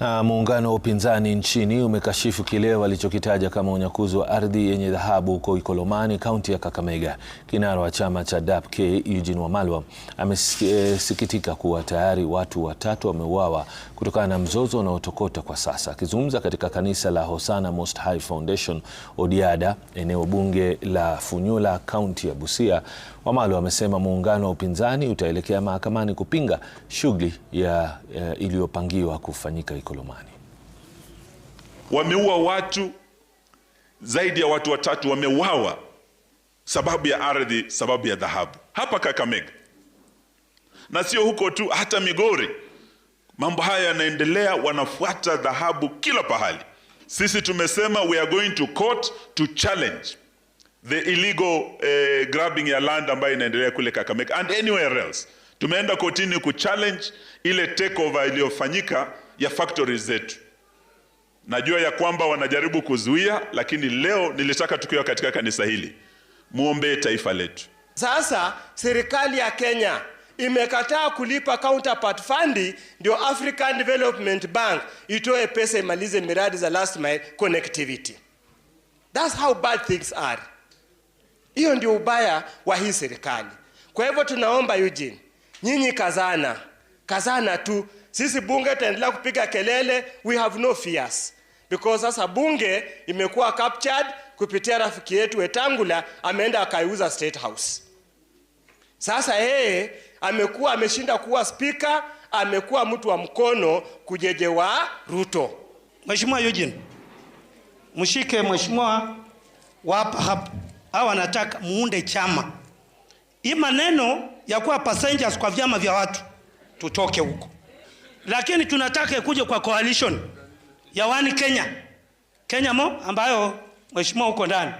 Na muungano wa upinzani nchini umekashifu kile walichokitaja kama unyakuzi wa ardhi yenye dhahabu huko Ikolomani, kaunti ya Kakamega. Kinara wa chama cha DAP-K Eugene Wamalwa amesikitika kuwa tayari watu watatu wameuawa kutokana na mzozo unaotokota kwa sasa. Akizungumza katika kanisa la Hosanna Most High Foundation Odiada, eneo bunge la Funyula, kaunti ya Busia, Wamalwa amesema muungano wa upinzani utaelekea mahakamani kupinga shughuli ya, ya eh, iliyopangiwa kufanyika Kolomani. Wameua watu zaidi ya watu watatu wamewawa, sababu ya ardhi, sababu ya dhahabu hapa Kakamega, na sio huko tu, hata Migori mambo haya yanaendelea, wanafuata dhahabu kila pahali. Sisi tumesema we are going to court to challenge the illegal eh, grabbing ya land ambayo inaendelea kule Kakamega and anywhere else. Tumeenda kotini ku challenge ile takeover iliyofanyika ya factory zetu. Najua ya kwamba wanajaribu kuzuia, lakini leo nilitaka tukiwa katika kanisa hili muombee taifa letu. Sasa serikali ya Kenya imekataa kulipa counterpart fund ndio African Development Bank itoe pesa imalize miradi za last mile connectivity. That's how bad things are. Hiyo ndio ubaya wa hii serikali. Kwa hivyo tunaomba Eugene, nyinyi kazana, kazana tu. Sisi bunge tutaendelea kupiga kelele, we have no fears because sasa bunge imekuwa captured kupitia rafiki yetu Wetangula, ameenda akaiuza State House. Sasa yeye amekuwa ameshinda kuwa spika, amekuwa mtu wa mkono kujejewa Ruto. Mheshimiwa Eugene, mshike mheshimiwa wapa hapa hawa anataka muunde chama. Hii maneno ya kuwa passengers kwa vyama vya watu, tutoke huko lakini tunataka ikuje kwa coalition ya wani Kenya Kenya mo ambayo mheshimiwa uko ndani